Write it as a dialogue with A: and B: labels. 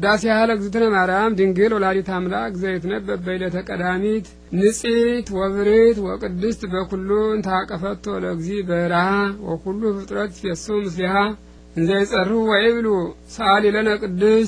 A: ውዳሴ ለእግዝእትነ ማርያም ድንግል ወላዲት አምላክ ዘይትነበብ በይለተ ቀዳሚት ንጽሕት ወብርህት ወቅድስት በኩሉ እንተ አቀፈቶ ለእግዚ በረሃ ወኩሉ ፍጥረት ፌሱ ምስሊሃ እንዘ ይጸርሁ ወይብሉ ሰአሊ ለነ ቅድስት